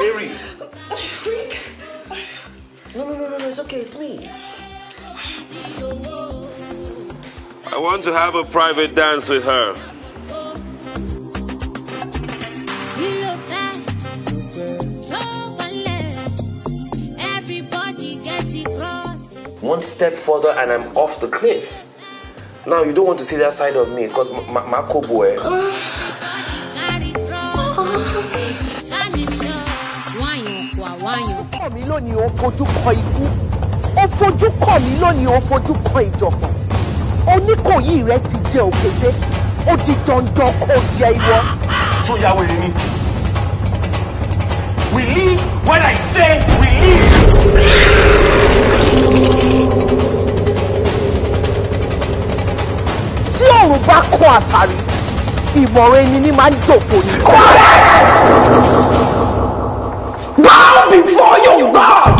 Mary. Freak. No, no, no, no, no, it's okay, it's me. I want to have a private dance with her. One step further and I'm off the cliff. Now you don't want to see that side of me because my, my, my ìwà wáyàn. ó lónìí ó fojú kọ ikú ó fojú kọ̀ mí lónìí ó fojú kọ ìjọ̀gbọ̀n oníkòyí rẹ ti jẹ òkété ó di dandan kó jẹ ìwọ. sóyà wèrè ni we live when I say we live. tí òrùn bá kọ àtàrí ìmọ̀ràn ẹni ní máa ń dòfò ní. 老大。